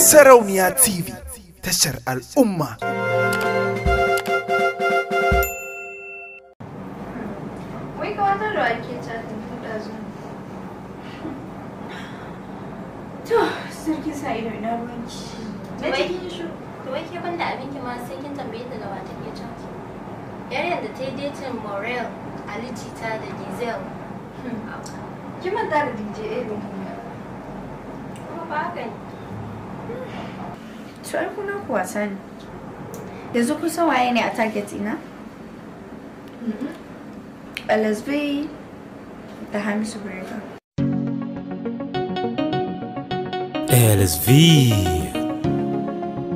Sarauniya TV tashar al'umma. Wai ka wata da ake chatin fuda zuwa. To, sarki sa ido ina ruwanki. Na cikin shi. To wai ke banda abinki ma sai kin tambaye ta da wa take chatin. Yaryar da ta yi datin Morel, Ali Chita da Giselle. Hmm. Kin manta da DJ Ebe. Kuma ba haka ne. to ai kuna ku wasa ne yanzu kun san waye ne a target ina Elizabeth mm-hmm. da Hamisu Brega. Eh, LSV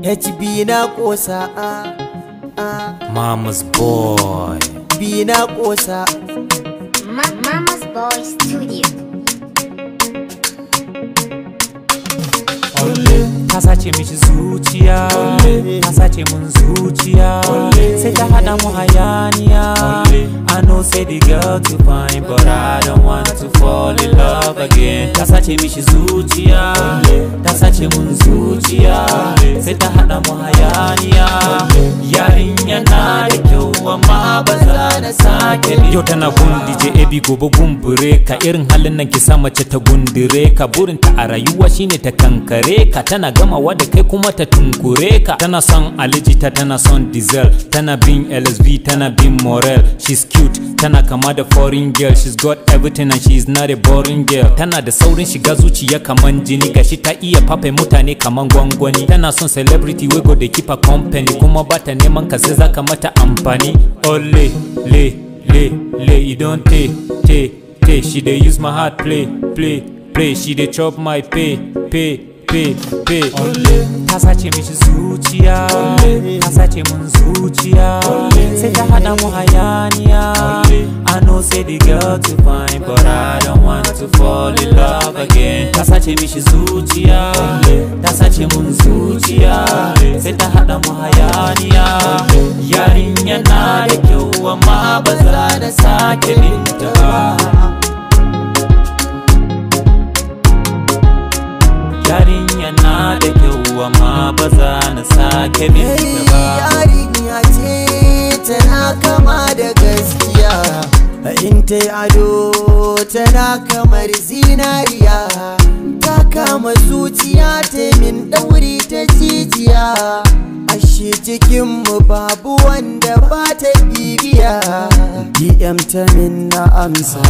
HB na kosa a a Mama's boy B na kosa Mama's boy studio ta sace mishi zuciya ta sace mun zuciya sai ta hada mu hayaniya I know say the girl too fine but I don't want to fall in love again ta sace mishi zuciya tasace sace mun zuciya sai ta hada mu hayaniya makele yau tana gun ebi Abi gobe gumbure ka irin halin nan ki sa mace ta gundire ka burin ta a rayuwa shine ta kankare ka tana gamawa da kai kuma ta tunkure ka tana son Aliji ta tana son Diesel tana bin LSB tana bin Morel she's cute tana kama da foreign girl she's got everything and she's not a boring girl tana da saurin shiga zuciya kaman jini gashi ta iya fafe mutane kaman gwangwani tana son celebrity wego da kipa company kuma bata neman ka sai zaka mata amfani Oh lay, lay, lay, lay You don't take, take, take She dey use my heart play, play, play She dey chop my pay, pay, pay, pay Oh lay Ta sace mishi zuciya Ta oh, sace mun zuciya oh, Se ta hada mu hayaniya oh, I know say the girl to find But I don't want to fall in love again Ta sace mishi zuciya Ta sace sake yarinya na da kyau amma ba za na sake binta ba yarinya ce tana kama da gaskiya in ta ado tana kamar zinariya ta kama zuciya ta min ɗauri ta jijiya shi cikinmu babu wanda ba ta bibiya dm ta min na amsa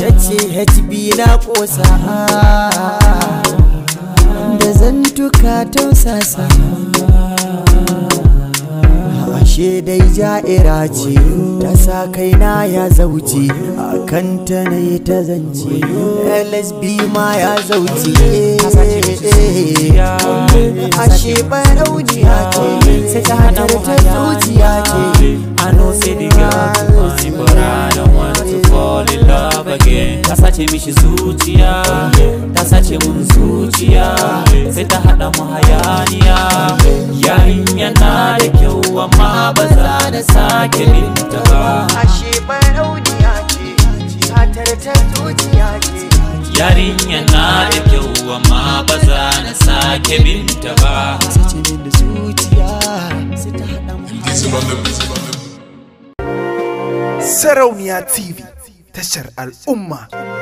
Ya ce hb na kosa da zantuka tausasa ashe dai ja'ira ce ta sa kaina ya zauce a kanta ne ta zance lsb ma ya zauce ce ashe barauniya ce sai ta ta zuciya ce I know say the girl but I don't want to fall in love again Ta sace mishi zuciya Ta sace mun zuciya Sai ta hada mu hayaniya Yayin yana da kyau amma ba za da sake binta ba ce ta zuciya ce da kyau amma ba binta sarauniya tv tashar al'umma